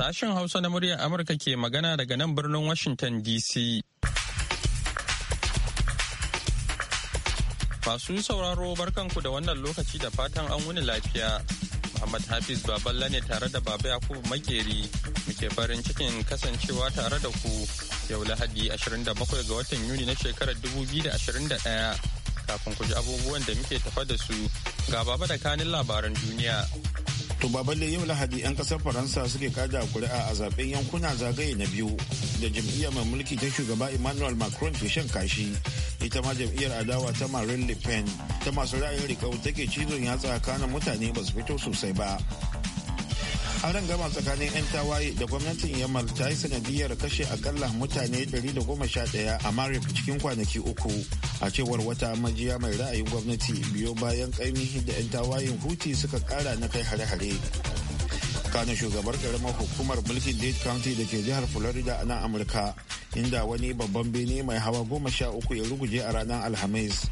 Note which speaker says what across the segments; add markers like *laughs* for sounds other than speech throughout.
Speaker 1: Sashen Hausa na muryar Amurka ke magana daga nan birnin Washington DC. Masu sauraro barkanku da wannan lokaci da fatan an wuni lafiya. Muhammad Hafiz Baballa ne tare da Baba Yakubu Makeri muke farin cikin kasancewa tare da ku yau Lahadi 27 ga watan Yuni na shekarar 2021 kafin ku ji abubuwan da muke tafa da su ga Baba da kanin labaran duniya.
Speaker 2: To balle yau Lahadi 'yan kasar Faransa suke kada kuri'a a zaben yankuna zagaye na biyu da jam'iyyar mai mulki ta shugaba Emmanuel Macron ke shan kashi. Ita ma jam'iyyar adawa ta Marine Le Pen ta masu ra'ayin rikau take cizon yatsa kanan mutane ba su fito sosai ba. nan gama tsakanin 'yan tawaye da gwamnatin yamal ta yi sanadiyar kashe akalla mutane 111 a marib cikin kwanaki uku a cewar wata majiya mai ra'ayin gwamnati biyo bayan kaimi da 'yan tawayen huti suka kara na kai hare-hare kanin shugabar karamar hukumar mulkin dade county da ke jihar florida a nan amurka inda wani babban bene mai hawa goma sha uku ya ruguje a ranar alhamis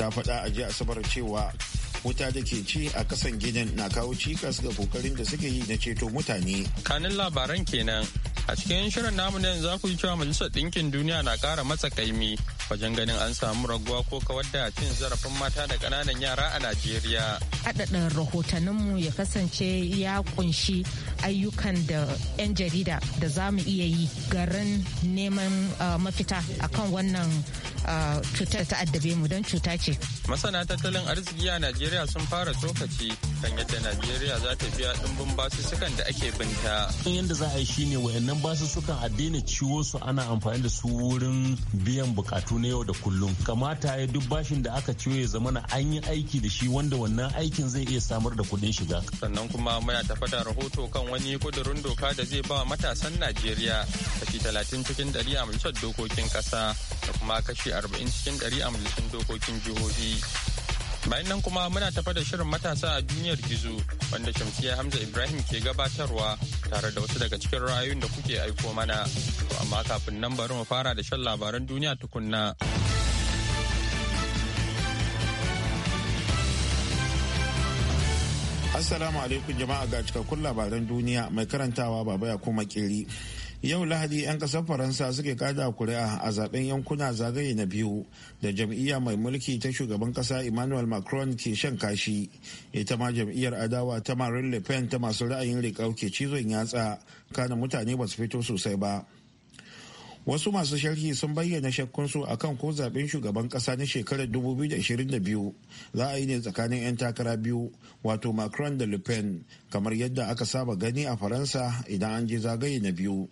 Speaker 2: ta faɗa a ji asabar cewa wuta da ke ci a kasan gidan na kawo cikas ga kokarin da suke yi na ceto mutane
Speaker 1: kanin labaran kenan A cikin shirin namu ne za ku yi cewa Majalisar Ɗinkin Duniya na ƙara kaimi wajen ganin an samu raguwa ko kawar da cin zarafin mata da ƙananan yara a Najeriya.
Speaker 3: Adadin rahotanninmu ya kasance ya kunshi ayyukan da 'yan jarida da za mu iya yi garin neman uh, mafita akan wannan uh, cutar ta addabe mu don cuta ce.
Speaker 1: Masana tattalin arziki a Najeriya sun fara tsokaci kan yadda Najeriya za ta biya ɗumbin basussukan da ake binta.
Speaker 4: Yadda za a yi shi ne wayannan wa'annan basussukan a daina ciwo su ana amfani da su wurin biyan bukatu na yau da kullum kamata ya duk bashin da aka ciwo ya zama na an yi aiki da shi wanda wannan aikin zai iya samar da kuɗin shiga
Speaker 1: sannan kuma muna tafa da rahoto kan wani kudurin doka da zai ba matasan najeriya kashi talatin cikin ɗari a majalisar dokokin ƙasa da kuma kashi arba'in cikin ɗari a majalisar dokokin jihohi Bayan nan kuma muna tafa da shirin matasa a duniyar gizo wanda Shamsiya Hamza Ibrahim ke gabatarwa tare da wasu daga cikin ra'ayoyin da kuke aiko mana. To amma kafin nan bari mu fara da shan labaran duniya tukunna.
Speaker 2: Assalamu alaikum jama'a ga cikakkun labaran duniya mai karantawa baba ya kuma kiri. yau lahadi 'yan kasar faransa suke kada kuri'a a zaben yankuna zagaye na biyu da jam'iyya mai mulki ta shugaban kasa emmanuel macron ke shan kashi ita ma jam'iyyar adawa ta marin le pen ta masu ra'ayin riƙau ke cizon yatsa kana mutane ba su fito sosai ba wasu masu sharhi sun bayyana shakkunsu a kan ko zaben shugaban kasa na shekarar 2022 za a yi ne tsakanin 'yan takara biyu wato macron da le kamar yadda aka saba gani a faransa idan an je zagaye na biyu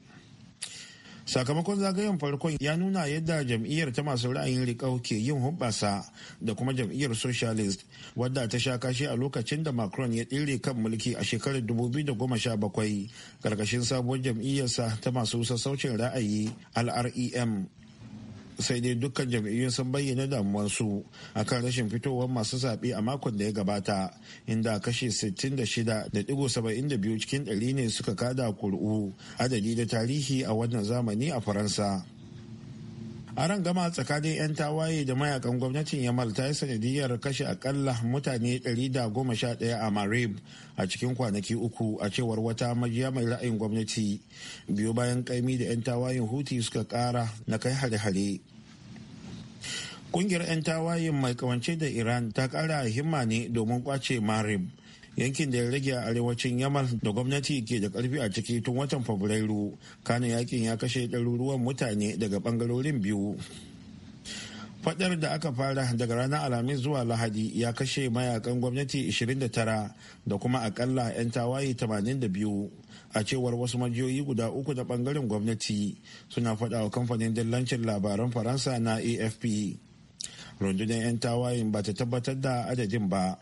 Speaker 2: sakamakon zagayen farkon ya nuna yadda jam'iyyar ta masu ra'ayin riƙau ke yin hubbasa da kuma jam'iyyar socialist wadda ta sha kashe a lokacin da macron ya tsere kan mulki a shekarar 2017 karkashin sabuwar jam'iyyarsa ta masu sassaucin ra'ayi lrem sai dai dukkan jam'iyyun sun bayyana damuwarsu akan rashin fitowar masu zaɓe a makon da ya gabata inda kashi 66.72 cikin ɗari ne suka kada kur'u adadi da tarihi a wannan zamani a faransa a ran gama tsakanin 'yan tawaye da mayakan gwamnatin yamal ta yi sanadiyar kashe akalla mutane 111 a marib a cikin kwanaki uku a cewar wata majiya mai ra'ayin gwamnati biyu bayan kaimi da 'yan tawayen huti suka kara na kai hare-hare kungiyar 'yan tawayen mai kawance da iran ta kara himma ne domin kwace marib yankin da ya rage a arewacin yamal da gwamnati ke da karfi a ciki tun watan fabrairu kanin yakin ya kashe ɗaruruwan mutane daga bangarorin biyu fadar da aka fara daga ranar alhamis zuwa lahadi ya kashe mayakan gwamnati 29 da kuma akalla 'yan tawaye 82 a cewar wasu majiyoyi guda uku da bangaren gwamnati suna faɗa wa kamfanin dillancin labaran faransa na afp rundunar 'yan tawayen ba ta tabbatar da adadin ba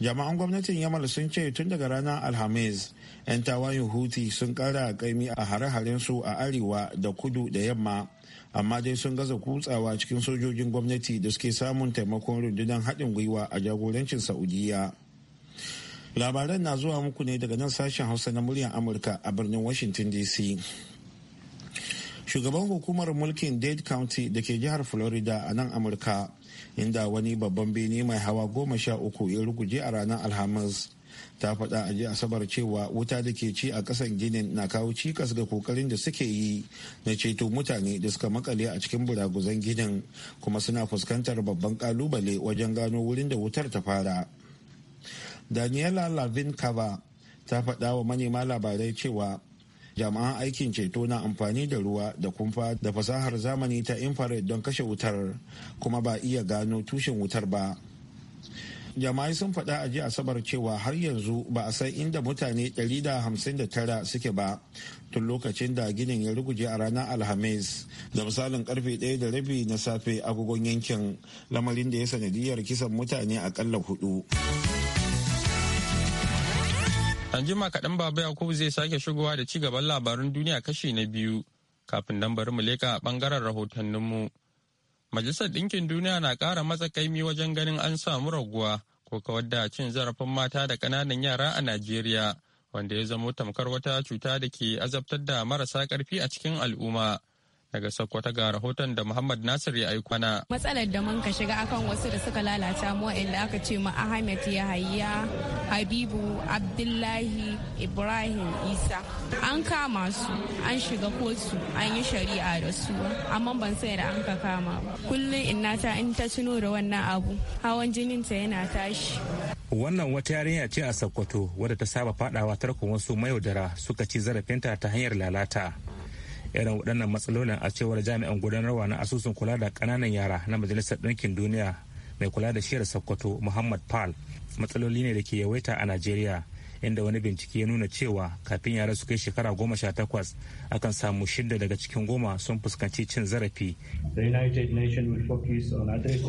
Speaker 2: jama'an gwamnatin yamal sun ce tun daga ranar alhamis 'yan tawayin huti sun kara kaimi a hare-haren su a arewa da kudu da yamma amma dai sun gaza kutsawa cikin sojojin gwamnati da suke samun taimakon rundunar haɗin gwiwa a jagorancin saudiya labaran na zuwa muku ne daga nan sashen hausa na muryar amurka a birnin washington dc shugaban hukumar mulkin dade county da ke jihar florida a nan amurka inda wani babban bene mai hawa goma sha uku ya ruguje a ranar alhamis ta faɗa a ji asabar cewa wuta da ke ci a ƙasan ginin na kawo cikas ga kokarin da suke yi na ceto mutane da suka makale a cikin buraguzan ginin kuma suna fuskantar babban kalubale wajen gano wurin da wutar ta fara daniela lavin kava ta faɗa wa manema labarai cewa jama'an aikin ceto na amfani da ruwa da kumfa da fasahar zamani ta infrared don kashe wutar kuma ba iya gano tushen wutar ba jama'ai sun faɗa a jiya asabar cewa har yanzu ba a san inda mutane 159 suke ba tun lokacin da ginin ya ruguje a ranar alhamis da misalin karfe 1 da rabi na safe agogon yankin lamarin da ya sanadiyar kisan mutane akalla hudu.
Speaker 1: An jima kaɗan Baba Yakubu zai sake shigowa da ci gaban labarun duniya kashi na biyu kafin nan bari mu leƙa a ɓangaren rahotanninmu. Majalisar Ɗinkin Duniya na ƙara matsa kaimi wajen ganin an samu raguwa ko kawar da cin zarafin mata da ƙananan yara a Najeriya wanda ya zamo tamkar wata cuta da ke azabtar da marasa ƙarfi a cikin al'umma. Daga Sokoto ga rahoton da Muhammad Nasir ya aiko mana.
Speaker 3: Matsalar da mun ka shiga akan wasu da suka lalata mu inda aka ce mu Ahmed ya hayya Habibu, Abdullahi, Ibrahim, Isa. An kama su, an shiga kotu, an yi shari'a da su, amma ban sai da an ka kama ba. Kullum ta in ta tuno da wannan abu, hawan jininta yana tashi.
Speaker 5: wannan wata yarinya ce a sokoto wadda ta saba fadawa tarkon wasu mayaudara suka ci zarafinta ta hanyar lalata irin waɗannan matsalolin a cewar jami'an gudanarwa na asusun kula da ƙananan yara na majalisar ɗinkin duniya mai kula da shiyar sokoto muhammad pal matsaloli ne da ke yawaita a najeriya inda wani bincike ya nuna cewa kafin yara su kai shekara goma sha takwas akan samu shidda daga cikin goma sun fuskanci cin zarafi.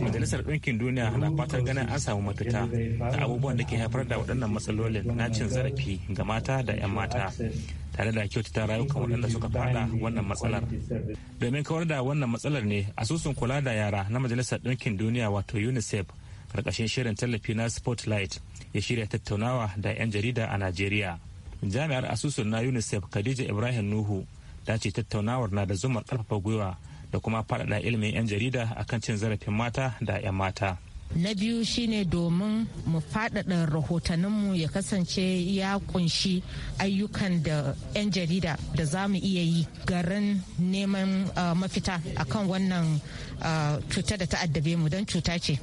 Speaker 5: Majalisar Ɗinkin Duniya na fatar ganin an samu mafita da abubuwan da ke haifar da waɗannan matsalolin na cin zarafi ga mata da 'yan mata tare da kyautata rayukan waɗanda suka fada wannan matsalar domin kawar da wannan matsalar ne asusun kula da yara na majalisar ɗinkin duniya wato unicef ƙarƙashin shirin tallafi na spotlight ya shirya tattaunawa da 'yan jarida a najeriya jami'ar asusun na unicef khadija ibrahim nuhu ta ce tattaunawar na da zumar karfafa gwiwa da kuma faɗaɗa ilimin 'yan jarida akan cin zarafin mata da 'yan mata
Speaker 3: na biyu shine domin mu faɗaɗa rahotanninmu ya kasance ya kunshi ayyukan da 'yan jarida da za mu iya yi garin neman uh, mafita a kan wannan uh, cuta da ta'addabe mu don cuta ce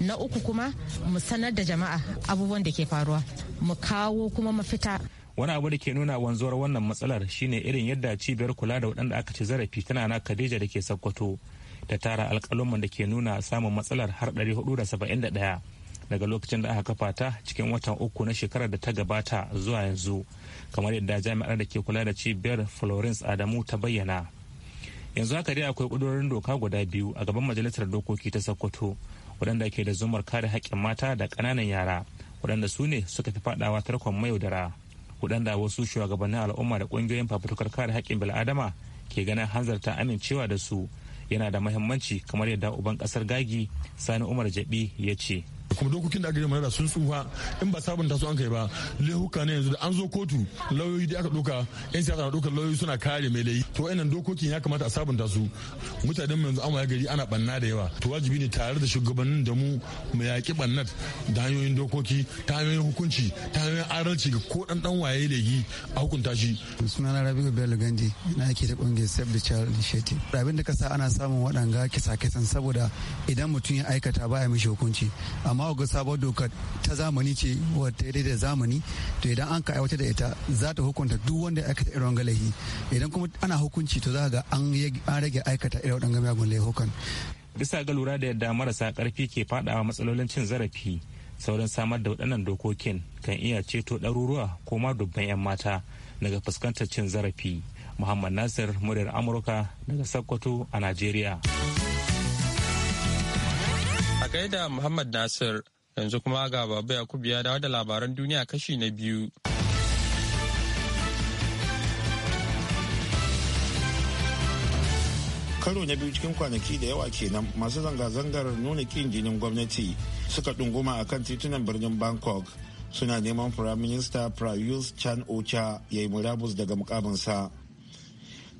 Speaker 3: na uku kuma mu sanar da jama'a abubuwan da ke faruwa mu kawo kuma mafita
Speaker 5: wani abu da ke nuna wanzuwar wannan matsalar shine irin yadda cibiyar kula da waɗanda aka ci zarafi tana na Khadija da ke Sokoto da tara alƙalumman da ke nuna samun matsalar har 471 daga lokacin da aka kafa ta cikin watan uku na shekarar da ta gabata zuwa yanzu kamar yadda jami'ar da ke kula da cibiyar florence adamu ta bayyana yanzu haka dai akwai kudurorin doka guda biyu a gaban majalisar dokoki ta sokoto waɗanda ke da zumar kare haƙƙin mata da ƙananan yara waɗanda su ne suka fi faɗawa tarkon mayaudara waɗanda wasu shugabannin al'umma da ƙungiyoyin fafutukar kare haƙƙin bil'adama ke ganin hanzarta amincewa da su yana da mahimmanci kamar yadda uban kasar gagi sani umar jabi ya ce kuma dokokin da aka yi da sun tsufa in ba sabunta su an kai ba lehuka ne yanzu da an zo kotu
Speaker 4: lauyoyi da aka doka yan siyasa na dokar lauyoyi suna kare mai layi to wayannan dokokin ya kamata a sabunta su mutanen yanzu an gari ana banna da yawa to wajibi ne tare da shugabannin da mu mu yaƙi
Speaker 6: bannat da hanyoyin dokoki ta hanyoyin hukunci ta hanyoyin adalci ga ko dan dan waye laifi a hukunta shi na Rabiu Bello Gandi na yake da kungiyar Save the Child Initiative abin da kasa ana samun waɗanga kisa-kisan saboda idan mutum ya aikata ba ya mishi hukunci amma ga sabon doka ta zamani ce wadda ya da zamani to idan an ka aiwata da ita za ta hukunta duk wanda ya aikata irin galahi idan kuma ana hukunci to za ga an rage aikata irin waɗannan miyagun hukun.
Speaker 5: bisa ga lura da yadda marasa karfi ke fadawa matsalolin cin zarafi sauran samar da waɗannan dokokin kan iya ceto ɗaruruwa ko ma dubban 'yan mata daga fuskantar cin zarafi muhammad nasir muryar amurka daga sokoto
Speaker 1: a najeriya. gaida Muhammad Nasir yanzu kuma ga Baba Yakubu ya dawo da labaran duniya kashi na biyu.
Speaker 2: Karo na biyu cikin kwanaki da yawa kenan masu zanga-zangar nuna kin jinin gwamnati suka ɗunguma a kan titunan birnin Bangkok suna neman Firaminista Prayut Chan Ocha ya yi murabus daga mukaminsa.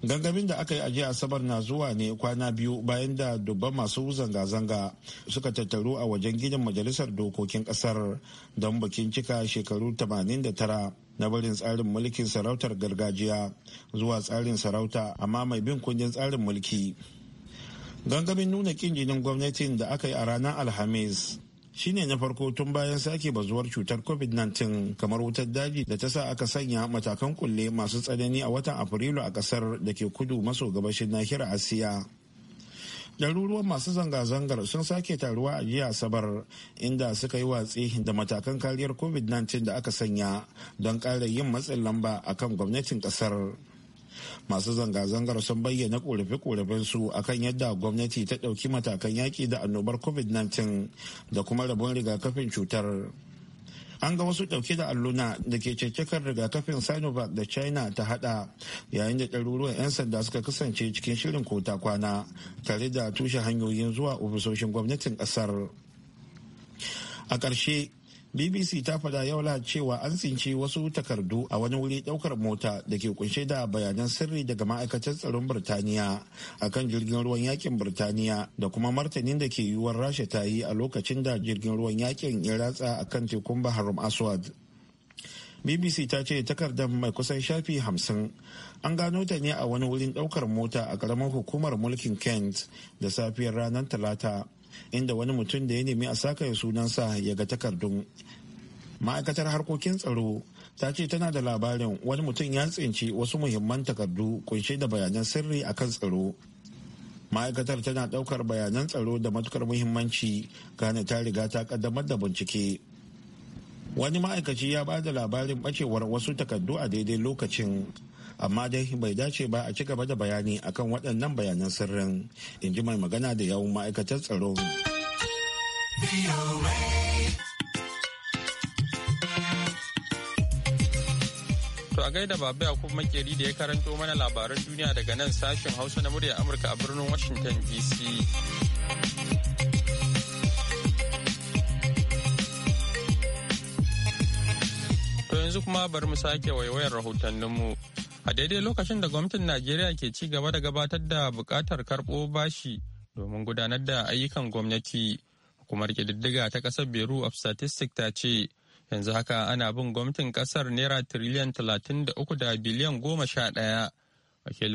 Speaker 2: gangamin da aka yi a jiya asabar na zuwa ne kwana biyu bayan da dubban masu zanga-zanga suka tattaru a wajen gidan majalisar dokokin kasar don bikin cika shekaru 89 na barin tsarin mulkin sarautar gargajiya zuwa tsarin sarauta amma mai bin kundin tsarin mulki gangamin nuna kin jinin gwamnatin da aka yi a ranar alhamis shine na farko tun bayan sake bazuwar cutar covid-19 kamar wutar daji da ta sa aka sanya matakan kulle masu tsanani a watan afrilu a kasar da ke kudu maso gabashin nahiyar asiya daruruwan masu zanga-zangar sun sake taruwa a jiya asabar inda suka yi watsi da matakan kariyar covid-19 da aka sanya don ƙara yin matsin lamba akan gwamnatin ƙasar. kasar masu zanga-zangar sun bayyana korafe-korafen su akan yadda gwamnati ta ɗauki matakan yaƙi da annobar covid-19 da kuma rabon rigakafin cutar an ga wasu ɗauke da alluna da ke cecekar rigakafin sinovac da china ta hada yayin da ɗaruruwan 'yan sanda suka kasance cikin shirin kota kwana tare da tushe hanyoyin zuwa ofisoshin gwamnatin ƙasar a ƙarshe bbc ta faɗa yau la cewa an tsinci wasu takardu a wani wuri ɗaukar mota da ke kunshe da bayanan sirri daga ma'aikatar tsaron birtaniya akan jirgin ruwan yakin birtaniya da kuma martanin da ke yiwuwar rasha ta yi a lokacin da jirgin ruwan yakin ya ratsa kan tekun bahar aswad bbc ta ce takardar mai kusan shafi hamsin an gano ta ne a wani wurin ɗaukar mota a karamar hukumar mulkin kent da safiyar ranar talata inda wani mutum da ya nemi a saka ya sunansa ya ga takardun ma'aikatar harkokin tsaro ta ce tana da labarin wani mutum ya tsinci wasu muhimman takardu kunshe da bayanan sirri a kan tsaro ma'aikatar tana ɗaukar bayanan tsaro da matukar muhimmanci gane ta riga ta kaddamar da bincike wani ma'aikaci ya ba da labarin ɓacewar wasu takardu a daidai lokacin amma dai bai dace ba a ci gaba da bayani akan waɗannan bayanan sirrin in ji mai magana da yawun ma'aikatar tsaro
Speaker 1: To a gaida babu ya kuma makeri da ya karanto mana labaran duniya daga nan sashen hausa na murya amurka a birnin washington dc To yanzu kuma bari mu sake waiwayar rahotanninmu. a daidai lokacin da gwamnatin najeriya ke ci gaba da gabatar da bukatar karɓo bashi domin gudanar da ayyukan gwamnati hukumar ƙididdiga ta ƙasar beru of statistics ta ce yanzu haka ana bin gwamnatin ƙasar naira tiriliyan talatin da uku da biliyan goma sha ɗaya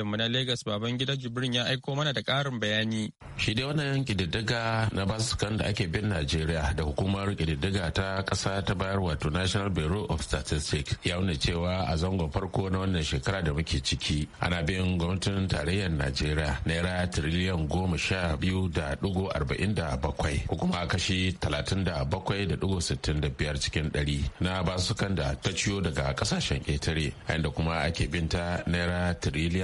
Speaker 1: mu na lagos baban gida Jibrin ya aiko mana da karin bayani. Shi dai wannan kididdiga na
Speaker 7: basukan da ake bin Najeriya da hukumar kididdiga ta kasa ta bayar wato National Bureau of Statistics ya nuna cewa a zangon farko na wannan shekara da muke ciki ana bin gwamnatin tarayyar Najeriya naira tiriliyan goma sha biyu da dugo arba'in da bakwai ko kashi talatin da bakwai da dugo sittin da biyar cikin dari na basukan da ta ciyo daga ƙasashen ƙetare inda kuma ake binta naira tiriliyan miliyan 20.64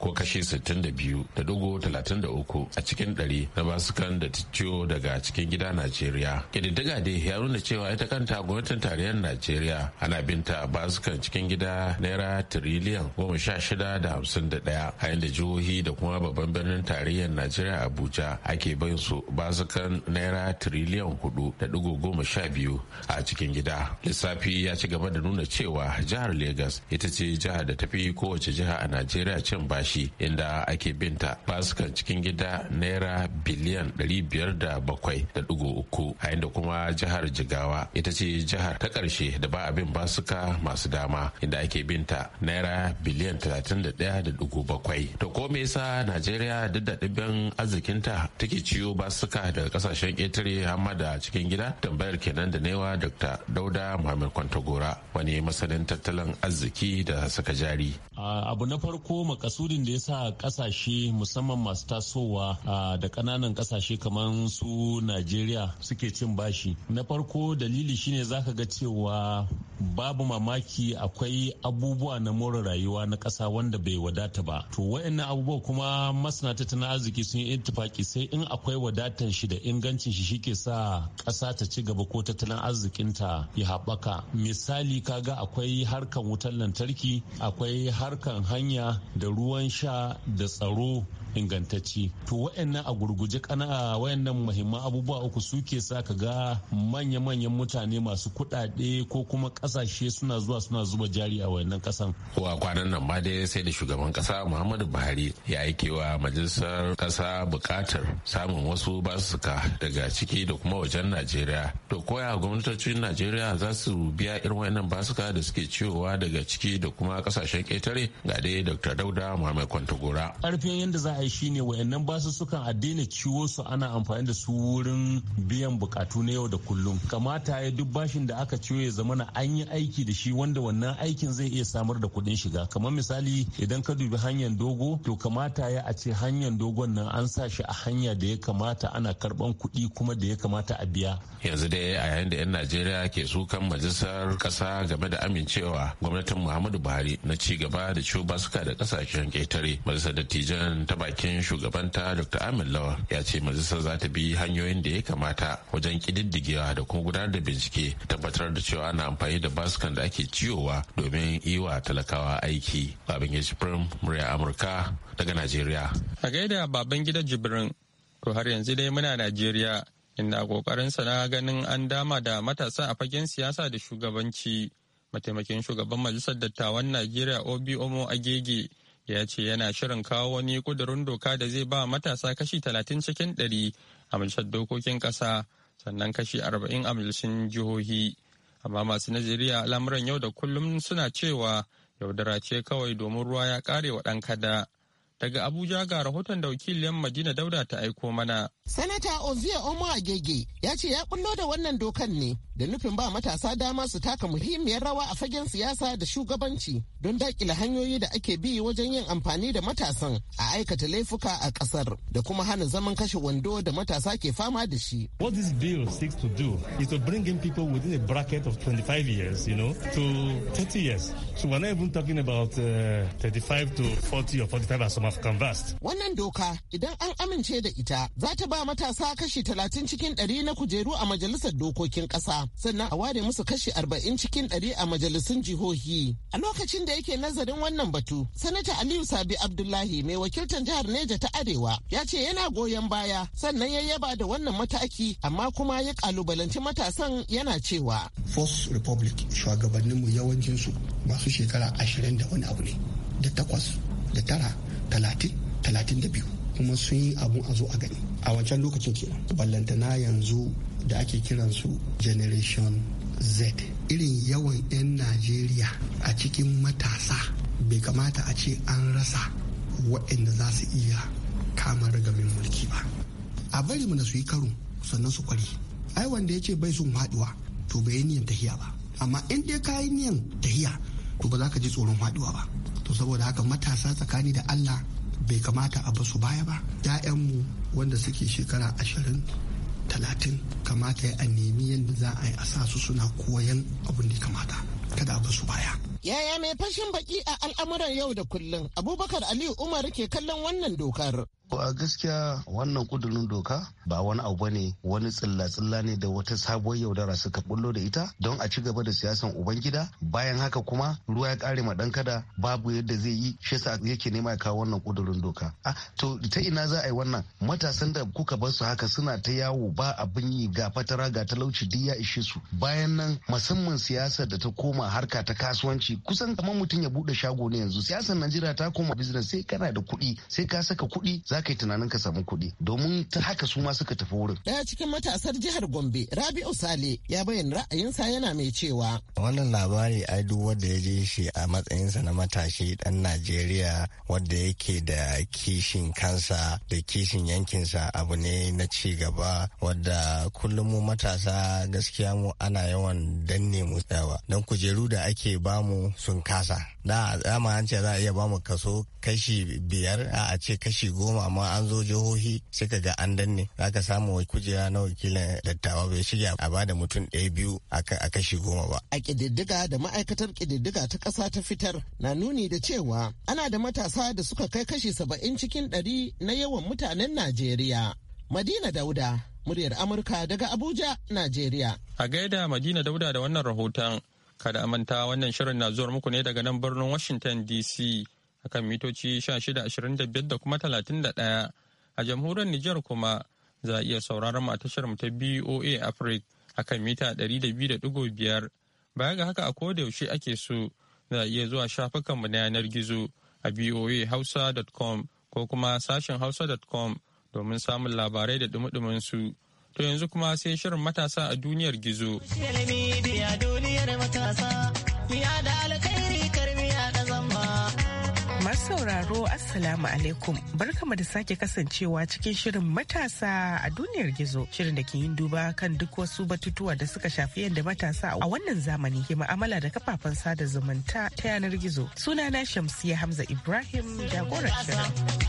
Speaker 7: ko kashe 62.33 a cikin 100 na masu kan da ta ciwo daga cikin gida Najeriya. Ƙididdiga dai ya nuna cewa ita kanta gwamnatin tarayyar Najeriya ana binta kan cikin gida naira tiriliyan 16.51 a yadda jihohi da kuma babban birnin tarayyar Najeriya Abuja ake bin su kan naira tiriliyan 4.12 a cikin gida. Lissafi ya ci gaba da nuna cewa jihar Legas ita ce jihar da tafi kowace jiha a najeriya cin bashi inda ake binta basukan cikin gida naira biliyan 507.3 a inda kuma jihar jigawa ita ce jihar ta karshe da ba abin basuka masu dama inda ake binta naira biliyan 31.7 to ko me yasa najeriya duk da ɗibbin arzikinta take ciyo basuka daga kasashen ƙetare hamma da cikin gida tambayar kenan da newa dr dauda muhammad kwantagora wani masanin tattalin arziki da suka ja fitsari
Speaker 4: abu na farko makasudin da ya sa kasashe musamman masu tasowa da kananan kasashe kamar su najeriya suke cin bashi na farko dalili shine zaka ga cewa babu mamaki akwai abubuwa na more rayuwa na ƙasa wanda bai wadata ba to wa'annan abubuwa kuma masana tattalin arziki sun yi ittifaki sai in akwai wadatar shi da ingancin shi shike sa ƙasa ta ci gaba ko tattalin arzikinta ya haɓaka misali kaga akwai harkan wutar lantarki akwai harkan hanya da ruwan sha da tsaro ingantacci to wayannan a gurguje kana wayannan muhimman abubuwa uku suke sa ka ga manya-manyan mutane masu kuɗaɗe ko kuma ƙasashe suna zuwa suna zuba jari a wayannan ƙasan
Speaker 7: wa kwanan nan ma dai sai da shugaban ƙasa muhammadu buhari ya aike wa majalisar ƙasa buƙatar samun wasu basuka daga ciki da kuma wajen najeriya to koya gwamnatocin najeriya za su biya irin wayannan basuka da suke cewa daga ciki da kuma ƙasashen ƙetare dare ga dai dr dauda muhammad kwantagora
Speaker 4: ƙarfin yadda za a yi shine wayannan basu sukan addini ciwo su ana amfani da su wurin biyan bukatu na yau da kullum kamata ya duk bashin da aka ciwo ya zamana an yi aiki da shi wanda wannan aikin zai iya samar da kuɗin shiga kamar misali idan ka dubi hanyar dogo to kamata ya a ce hanyar dogon nan an sa shi a hanya da ya kamata ana karban kuɗi kuma da ya kamata a biya
Speaker 7: yanzu dai a yayin da 'yan najeriya ke sukan majalisar kasa game da amincewa gwamnatin muhammadu buhari na ci gaba hada da cubasuka da kasashen ƙetare majalisar dattijan ta bakin shugabanta dr amin lawa ya ce majalisar za ta bi hanyoyin da ya kamata wajen ƙididdigewa da kuma gudanar da bincike tabbatar da cewa ana amfani da basukan da ake ciyowa domin yi wa talakawa aiki babangida jibrin murya amurka daga
Speaker 1: najeriya a gaida gidan jibrin to har yanzu dai muna najeriya inda kokarin na ganin an dama da matasa a fagen siyasa da shugabanci mataimakin shugaban majalisar dattawan najeriya obi omo agege ya ce yana shirin kawo wani kudurin doka da zai ba matasa kashi talatin cikin ɗari a majalisar dokokin ƙasa sannan kashi arba'in a majalisun jihohi amma masu najeriya al'amuran yau da kullum suna cewa yaudara ce kawai domin ruwa ya ƙare wa ɗan kada Daga Abuja ga rahoton da wakiliyar Madina Dauda ta aiko mana.
Speaker 6: Sanata Ovie Omo Agege ya ce ya kullo da wannan dokan ne da nufin ba matasa dama su taka muhimmiyar rawa a fagen siyasa da shugabanci don dakile hanyoyi da ake bi wajen yin amfani da matasan a aikata laifuka a kasar da kuma hana zaman kashe wando da matasa ke fama da shi. What
Speaker 4: this bill seeks to do is to bring in people within a bracket of 25 years, you know, to 30 years. So we're not even talking about uh, 35 to 40 or 45 as some of
Speaker 5: Canvas.
Speaker 6: Wannan doka idan an amince da ita za ta ba matasa kashi talatin cikin ɗari na kujeru a majalisar dokokin ƙasa sannan a ware musu kashi arba'in cikin ɗari a majalisun jihohi. A lokacin da yake nazarin wannan batu, Sanata Aliyu Sabi Abdullahi mai wakiltan jihar Neja ta Arewa ya ce yana goyon baya sannan ya yaba da wannan mataki amma kuma ya kalubalanci matasan yana cewa.
Speaker 8: First Republic shugabanninmu yawancinsu masu shekara ashirin da wani abu ne da takwas da tara talatin da biyu kuma sun yi abun a zo a gani a wancan lokacin kenan ballantana yanzu
Speaker 6: da ake kiran su generation z irin yawan 'yan najeriya a cikin matasa bai kamata a ce an rasa waɗanda
Speaker 8: za su iya kama ragamin mulki ba a bari mu da su yi karo sannan su kwari ai wanda ya ce bai sun haɗuwa to bai yi niyan tahiya ba amma in dai ka yi niyan tahiya to ba za ka ji tsoron faduwa ba to saboda haka matasa tsakani da allah bai kamata a basu baya ba 'ya'yanmu wanda suke shekara ashirin talatin kamata ya a nemi yadda za a yi a sa su suna koyan abin da kamata kada a basu baya
Speaker 6: yaya mai fashin baki a al'amuran yau da kullum abubakar aliyu umar ke kallon wannan dokar ko a gaskiya wannan kudurin doka ba wani abu ne wani tsilla-tsilla ne da wata sabuwar yaudara suka bullo da ita don a ci gaba da siyasan ubangida bayan haka kuma ruwa ya kare ma dan kada babu yadda zai yi shi yasa yake nema ya kawo wannan kudurin doka a ah, to ta ina za a yi wannan matasan da kuka bar su haka suna ta yawo ba abin yi ga fatara ga talauci duk ya ishe su bayan nan musamman siyasar da ta koma harka ta kasuwanci kusan kamar mutum ya bude shago ne yanzu siyasar Najeriya ta koma business sai kana da kuɗi sai ka saka kuɗi za kai tunanin ka samu kuɗi domin ta haka su ma suka tafi wurin. Daya cikin matasar jihar Gombe Rabi'u Sale ya bayyana ra'ayinsa yana mai cewa. Wannan labari ai duk wanda ya je shi a matsayinsa na matashi ɗan Najeriya wanda yake da kishin kansa da kishin yankinsa abu ne na ci gaba wadda kullum mu matasa gaskiya mu ana yawan danne mu tsawa don kujeru da ake bamu sun kasa. Da a ce za a iya bamu kaso kashi biyar a ce kashi goma amma an zo jihohi sai ka ga an danne za ka samu kujera na wakilin dattawa bai shirya a ba da mutum ɗaya biyu a kashi goma ba. A ƙididdiga da ma'aikatar ƙididdiga ta ƙasa ta fitar na nuni da cewa ana da matasa da suka kai kashi saba'in cikin ɗari na yawan mutanen Najeriya. Madina Dauda, muryar Amurka daga Abuja, Najeriya.
Speaker 1: A gaida Madina Dauda da wannan rahoton, kada a manta wannan shirin na zuwa muku ne daga nan birnin Washington DC. akan mitoci 1625 da kuma 31 a jamhuriyar Nijar kuma za a iya sauraron mu a tashar mu ta BOA Africa akan mita 200.5 baya ga haka a koda yaushe ake so za a iya zuwa shafukan mu na yanar gizo a boahausa.com ko kuma sashen hausa.com domin samun labarai da dumudumin su to yanzu kuma sai shirin matasa a duniyar gizo.
Speaker 3: Ilimi duniyar sauraro Assalamu alaikum barkama da sake kasancewa cikin shirin matasa a duniyar gizo shirin da ke yin duba kan duk wasu batutuwa da suka shafi yadda matasa a wannan zamani ke ma'amala da kafafen sada zumunta ta yanar gizo sunana Shamsiya Hamza Ibrahim jagorar shirin.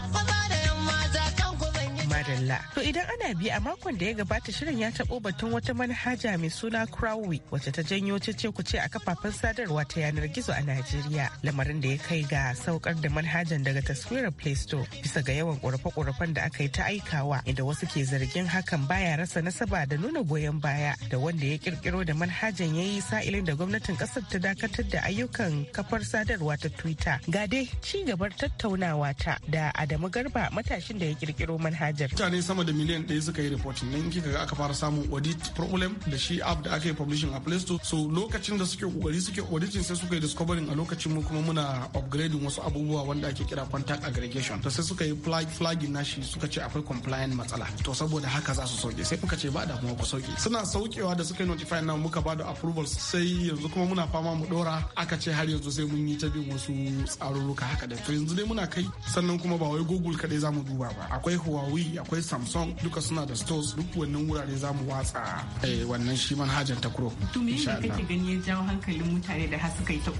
Speaker 3: madalla. To idan ana bi a makon da ya gabata shirin ya taɓo batun wata manhaja mai suna Crowley wacce ta janyo cece kuce a kafafen sadarwa ta yanar gizo a Najeriya. Lamarin da ya kai ga saukar da manhajan daga taswirar Play Store bisa ga yawan ƙorafe-ƙorafen da aka yi ta aikawa inda wasu ke zargin hakan baya rasa nasaba da nuna goyon baya da wanda ya ƙirƙiro da manhajan ya yi sa'ilin da gwamnatin ƙasar ta dakatar da ayyukan kafar sadarwa ta Twitter. Ga dai ci gabar tattaunawa ta da Adamu Garba matashin da ya kirkiro manhajar
Speaker 8: mutane sama da miliyan ɗaya suka yi reporting nan kika ga aka fara samun audit problem da shi app da aka yi publishing a play store so lokacin da suke kokari suke auditing sai suka yi discovering a lokacin mu kuma muna upgrading wasu abubuwa wanda ake kira contact aggregation to sai suka yi flag flagging nashi suka ce akwai compliant matsala to saboda haka za su sauke sai muka ce ba da kuma ku sauke suna saukewa da suka yi notify na muka ba da approval sai yanzu kuma muna fama mu dora aka ce har yanzu sai mun yi ta bin wasu tsarurruka haka da to yanzu dai muna kai sannan kuma ba wai google kadai zamu mu duba ba akwai huawei akwai samsung duka suna da stores duk wannan wurare za mu watsa eh, wannan shi manhajar ta kuro. to me kake
Speaker 3: gani ya jawo hankalin mutane da har suka yi
Speaker 8: ta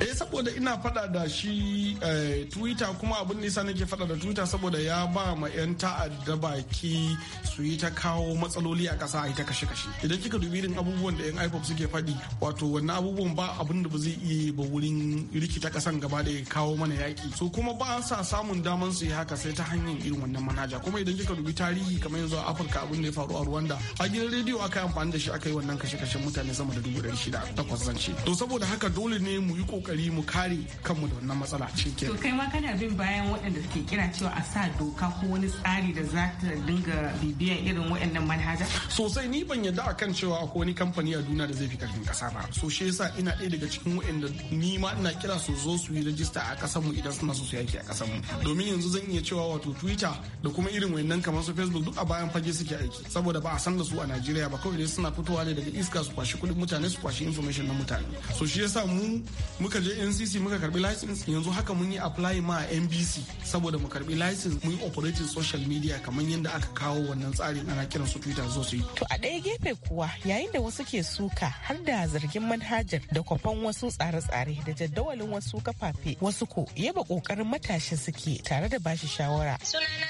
Speaker 8: eh saboda ina fada da shi eh, twitter kuma abin nisa nake fada da twitter saboda ya ba ma yan ta'adda baki su yi ta kawo matsaloli a kasa a yi ta kashe-kashe idan kika dubi irin abubuwan da yan ipop suke faɗi wato wannan abubuwan ba abin da ba zai iya ba wurin rikita kasan gaba da ya kawo mana yaki so kuma ba sa samun daman su yi haka sai ta hanyar irin wannan manhaja kuma idan kika dubi tarihi kamar yanzu a afirka abin da ya faru a rwanda a gidan rediyo aka yi amfani da shi aka yi wannan kashe-kashen mutane sama da dubu ɗari shida takwas zance to saboda haka dole ne mu yi kokari mu kare kanmu da wannan matsala cikin to
Speaker 3: kai ma kana bin bayan waɗanda suke kira cewa a sa doka ko wani tsari da za ta dinga bibiyan irin waɗannan manhaja sosai
Speaker 8: ni ban yadda akan cewa akwai wani kamfani a duniya da zai fi karfin kasa ba so shi yasa ina ɗaya daga cikin waɗanda ni ma ina kira su zo su yi rajista a kasanmu idan suna so su yaki a kasanmu domin yanzu zan iya cewa wato twitter da kuma irin wayannan kamar su facebook duk a bayan fage suke aiki saboda ba a san da su a najeriya ba kawai dai suna fitowa ne daga iska su kwashi kuɗi mutane su kwashi information na mutane so shi yasa mu muka je ncc muka karbi license yanzu haka mun yi apply ma nbc saboda mu karbi license mun yi operating social media kamar yadda aka kawo wannan tsarin ana kiran su twitter zo su yi to
Speaker 3: a ɗaya gefe kuwa yayin da wasu ke suka har da zargin manhajar da kwafan wasu tsare-tsare da jadawalin wasu kafafe wasu ko yaba kokarin matashi suke tare da bashi shawara sunana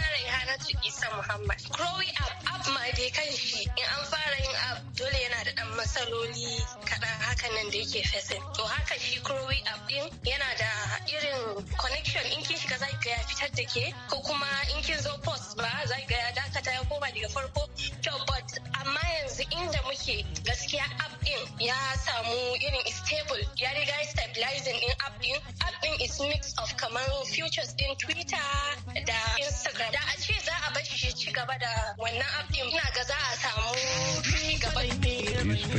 Speaker 3: Talatu Isa Muhammad. Growing up, app ma dai kan shi in an fara yin app dole yana da ɗan matsaloli kaɗan hakan nan da yake fesin. To haka shi growing up din yana da irin connection in kin shiga za ga ya fitar da ke ko kuma in kin zo post ba za ga ya dakata ya koma daga farko. To but amma yanzu inda muke gaskiya app din ya samu irin stable ya riga stabilizing ɗin app ɗin. App is mix of kamar futures ɗin Twitter da Instagram da gaba da wannan abin ina
Speaker 6: ga za a samu gaba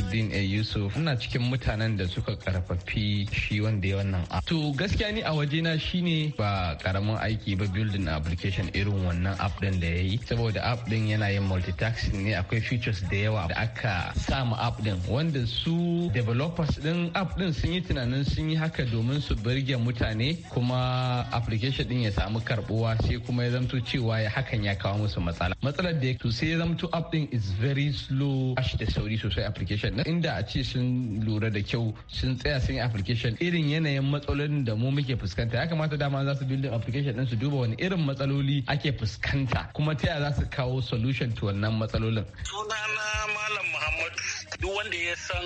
Speaker 6: Nuruddin
Speaker 8: A Yusuf ina cikin mutanen da suka karfafi shi
Speaker 6: wanda ya wannan
Speaker 8: app. To gaskiya ni a waje wajena shine ba karamin aiki ba building application irin wannan app din da yayi saboda app din yana yin multitasking ne akwai features da yawa da aka samu app din wanda su developers din app din sun yi tunanin sun yi haka domin su birge mutane kuma application din ya samu karbuwa sai kuma ya zamto cewa ya hakan ya kawo musu matsala. Matsalar da ya sai ya zamto app din is very slow ash da sauri sosai application nan inda a ce sun lura da kyau sun tsaya sun yi application irin yanayin matsalolin da mu muke fuskanta ya kamata dama za su building application din su duba wani irin matsaloli ake fuskanta kuma ta yaya za su kawo solution to wannan matsalolin
Speaker 3: sunana
Speaker 4: malam muhammadu duk wanda ya san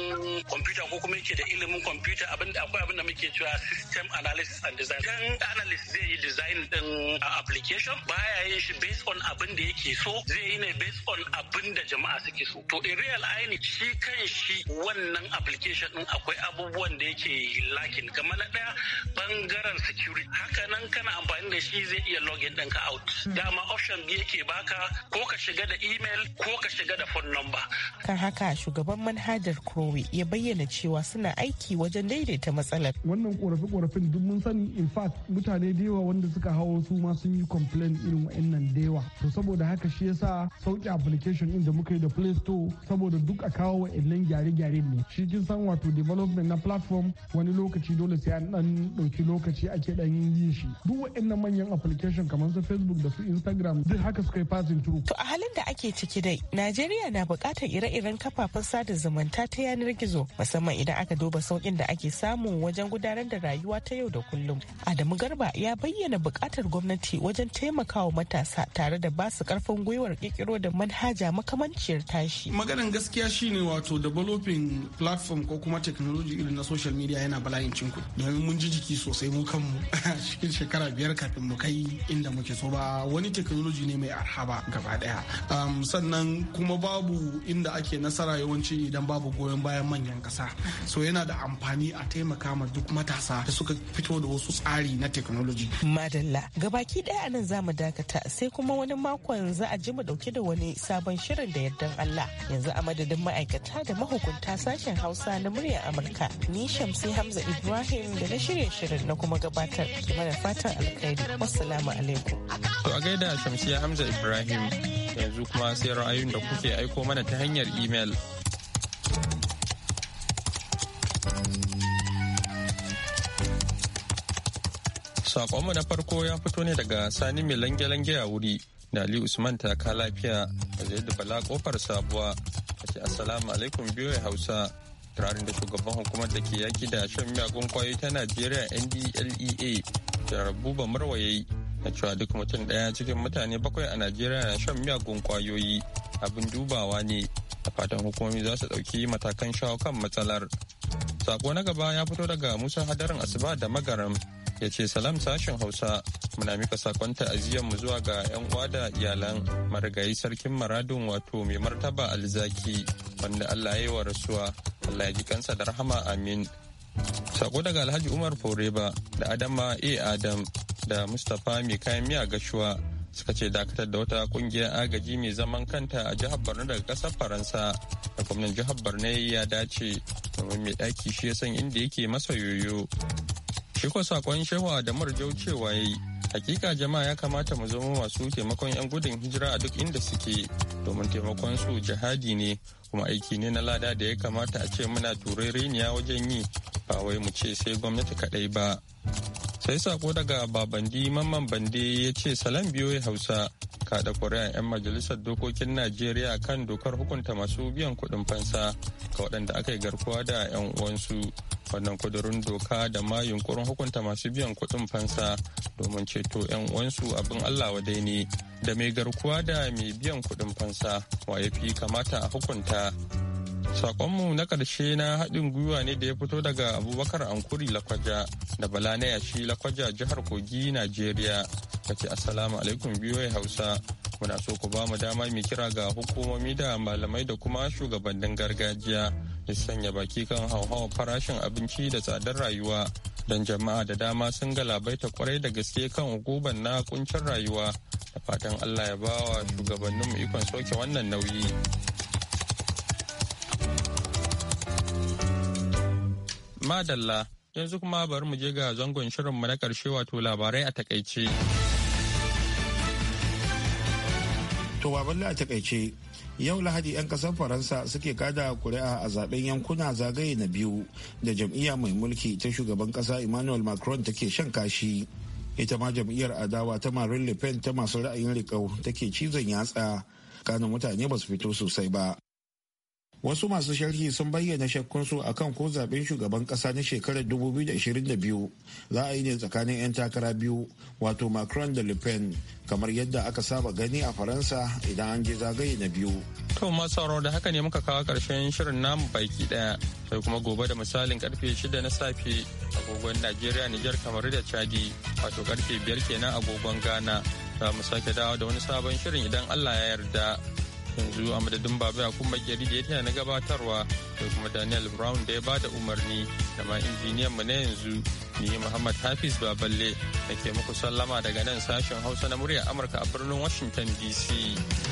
Speaker 4: kwamfuta ko kuma yake da ilimin kwamfuta abin da akwai abin da muke cewa system analysis and design dan analyst zai yi design din application baya yin shi based on abin da yake so zai yi ne based on abin da jama'a suke so to in real aini shi kan shi wannan application din akwai abubuwan da yake lakin kamar na ɗaya bangaren security haka nan kana amfani da shi zai iya login ɗinka out hmm. dama option biyu yake baka ko ka shiga da email ko ka shiga da phone number
Speaker 3: kan haka shugaban manhajar Crowe ya bayyana cewa suna aiki wajen daidaita matsalar. Wannan korafe korafin duk mun sani in fact mutane da yawa wanda suka hawo su ma sun yi complain
Speaker 8: irin wa'annan da yawa. To saboda haka shi yasa sauki application din da muka yi da Play Store saboda duk a kawo wa'annan gyare-gyare ne. Shi kin san wato development na platform wani lokaci dole sai an dan dauki lokaci ake dan yi shi. Duk wa'annan manyan application kamar su Facebook da su
Speaker 3: Instagram duk haka suka yi passing through. To a halin da ake ciki dai Najeriya na bukatar ire-iren kafafen sa sada zumunta ta yanar gizo musamman idan aka duba saukin da ake samu wajen gudanar da rayuwa ta yau da kullum. Adamu Garba ya bayyana buƙatar gwamnati wajen taimakawa matasa tare da basu su ƙarfin gwiwar ƙirƙiro da manhaja makamanciyar tashi. maganan
Speaker 8: gaskiya shine wato developing platform ko kuma technology irin na social media yana bala'in cinku. Domin mun ji jiki sosai mu kanmu *laughs* cikin shekara biyar kafin mu kai inda muke so ba wani technology ne mai arha ba gaba daya. sannan kuma babu inda ake nasara yawanci shi idan babu goyon bayan manyan kasa so yana da amfani a taimaka ma duk matasa da suka fito da wasu tsari na technology madalla
Speaker 3: gabaki daya nan za mu dakata sai kuma wani makon za a ji mu dauke da wani sabon shirin da yardan Allah yanzu a madadin ma'aikata da mahukunta sashen Hausa na muryar Amurka ni Shamsi Hamza Ibrahim da na shirya shirin na kuma gabatar da mana fatan alkhairi wassalamu alaikum to a
Speaker 1: gaida Shamsi Hamza Ibrahim yanzu kuma sai ra'ayoyin da kuke aiko mana ta hanyar imel. Sakonmu na farko ya fito ne daga Sani mai lange a wuri da Ali Usman ta ka lafiya da Bala kofar sabuwa a ce Assalamu alaikum ya Hausa. Turarin da shugaban hukumar da ke yaki da shan miyagun kwayoyi ta Najeriya NDLEA da rabuwa Marwaye na cewa duk mutum ɗaya cikin mutane bakwai a Najeriya na shan miyagun kwayoyi abin dubawa ne a fatan hukumomi za su ɗauki matakan shawo kan matsalar. Sako na gaba ya fito daga Musa Hadarin Asuba da Magaram ya ce salam sashen hausa muna mika sakon mu zuwa ga 'yan uwa da iyalan marigayi sarkin maradun wato mai martaba alzaki wanda allah ya yi wa rasuwa allah ya ji kansa da rahama amin sako daga alhaji umar foreba da adama a adam da mustapha mai kayan miya gashuwa suka ce dakatar da wata kungiyar agaji mai zaman kanta a jihar borno daga kasar faransa da gwamnan jihar borno ya dace domin mai ɗaki shi ya san inda yake masa yoyo Shi sakon shewa da marjau cewa ya yi, hakika jama'a ya kamata mu zama masu taimakon 'yan gudun hijira a duk inda suke domin taimakon su jihadi ne kuma aiki ne na lada da ya kamata a ce muna turereniya wajen yi ba wai mu ce sai gwamnati kadai ba. Sai sako daga Babandi Mamman Bande ya ce salam biyoyi Hausa kada kuri'a 'yan majalisar dokokin Najeriya kan dokar hukunta masu biyan kuɗin fansa ga waɗanda aka yi garkuwa da 'yan uwansu wannan kudurin doka da ma yunkurin hukunta masu biyan kuɗin fansa domin ceto 'yan uwansu abin allah wadai ne da mai garkuwa da mai biyan kuɗin fansa wa ya fi kamata a hukunta Sakonmu na ƙarshe na haɗin gwiwa ne da ya fito daga Abubakar Ankuri Lakwaja da Bala na yashi Lakwaja jihar Kogi, Najeriya. Ka ce Assalamu alaikum biyoyi Hausa. Muna so ku ba mu dama mai kira ga hukumomi da malamai da kuma shugabannin gargajiya ya sanya baki kan hauhawar farashin abinci da tsadar rayuwa don jama'a da dama sun galabaita kwarai da gaske kan hukuban na kuncin rayuwa da fatan allah ya bawa shugabannin mu ikon soke wannan nauyi madalla yanzu kuma bari mu je ga zangon shirinmu na karshe wato labarai a takaice
Speaker 2: to baballa a takaice yau lahadi 'yan kasar faransa suke kada kuri'a a zaben yankuna zagaye na biyu da jam'iyya mai mulki ta shugaban kasa emmanuel macron take shan kashi ita ma jam'iyyar adawa ta marine le pen ta masu ra'ayin rikau take cizon yatsa kanin mutane ba su fito sosai ba wasu masu sharhi sun bayyana shakkunsu a kan ko zaben shugaban kasa na shekarar 2022 za a yi ne tsakanin 'yan takara biyu wato macron da le pen kamar yadda aka saba gani a faransa idan an je zagaye na biyu
Speaker 1: to masu da haka ne muka kawo karshen shirin namu baki daya sai kuma gobe da misalin karfe 6 na safe agogon najeriya niger kamar da chadi wato karfe 5 kenan agogon ghana za mu sake dawo da wani sabon shirin idan allah ya yarda yanzu a madadin babu yakun makeri da ya tana na gabatarwa da kuma daniel brown da ya ba da umarni da ma injiniyan mu na yanzu ni muhammad hafiz baballe da ke muku sallama daga nan sashen hausa na murya amurka a birnin washington dc